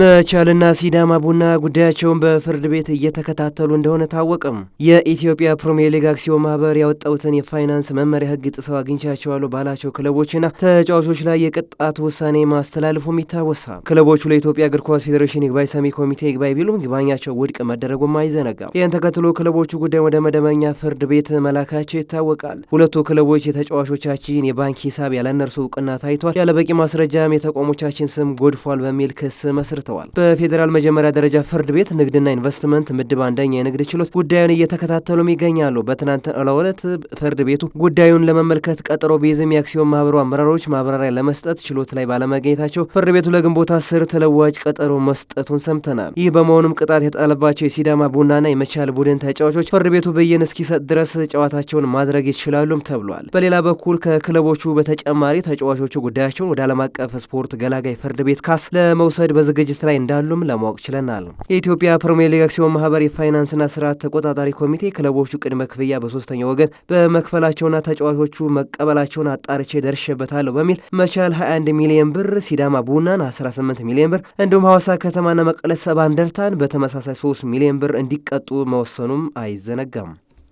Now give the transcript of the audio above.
መቻልና ሲዳማ ቡና ጉዳያቸውን በፍርድ ቤት እየተከታተሉ እንደሆነ ታወቀም። የኢትዮጵያ ፕሪምየር ሊግ አክሲዮን ማህበር ያወጣውትን የፋይናንስ መመሪያ ህግ ጥሰው አግኝቻቸዋሉ ባላቸው ክለቦችና ተጫዋቾች ላይ የቅጣት ውሳኔ ማስተላለፉም ይታወሳል። ክለቦቹ ለኢትዮጵያ እግር ኳስ ፌዴሬሽን ይግባኝ ሰሚ ኮሚቴ ይግባኝ ቢሉም ይግባኛቸው ውድቅ መደረጉም አይዘነጋም። ይህን ተከትሎ ክለቦቹ ጉዳይ ወደ መደበኛ ፍርድ ቤት መላካቸው ይታወቃል። ሁለቱ ክለቦች የተጫዋቾቻችን የባንክ ሂሳብ ያለ እነርሱ እውቅና ታይቷል፣ ያለበቂ ማስረጃም የተቋሞቻችን ስም ጎድፏል በሚል ክስ መስር አስረድተዋል። በፌዴራል መጀመሪያ ደረጃ ፍርድ ቤት ንግድና ኢንቨስትመንት ምድብ አንደኛ የንግድ ችሎት ጉዳዩን እየተከታተሉም ይገኛሉ። በትናንት ዕለት ፍርድ ቤቱ ጉዳዩን ለመመልከት ቀጠሮ ቢይዝም የአክሲዮን ማህበሩ አመራሮች ማብራሪያ ለመስጠት ችሎት ላይ ባለመገኘታቸው ፍርድ ቤቱ ለግንቦት አስር ተለዋጭ ቀጠሮ መስጠቱን ሰምተናል። ይህ በመሆኑም ቅጣት የጣለባቸው የሲዳማ ቡናና የመቻል ቡድን ተጫዋቾች ፍርድ ቤቱ ብይን እስኪሰጥ ድረስ ጨዋታቸውን ማድረግ ይችላሉም ተብሏል። በሌላ በኩል ከክለቦቹ በተጨማሪ ተጫዋቾቹ ጉዳያቸውን ወደ ዓለም አቀፍ ስፖርት ገላጋይ ፍርድ ቤት ካስ ለመውሰድ በዝግ ሬጅስትር ላይ እንዳሉም ለማወቅ ችለናል። የኢትዮጵያ ፕሪሚየር ሊግ አክሲዮን ማህበር የፋይናንስና ስርዓት ተቆጣጣሪ ኮሚቴ ክለቦቹ ቅድመ ክፍያ በሶስተኛ ወገን በመክፈላቸውና ተጫዋቾቹ መቀበላቸውን አጣርቼ ደርሼበታለሁ በሚል መቻል 21 ሚሊዮን ብር፣ ሲዳማ ቡናን 18 ሚሊዮን ብር እንዲሁም ሐዋሳ ከተማና መቀለ ሰባ እንደርታን በተመሳሳይ 3 ሚሊዮን ብር እንዲቀጡ መወሰኑም አይዘነጋም።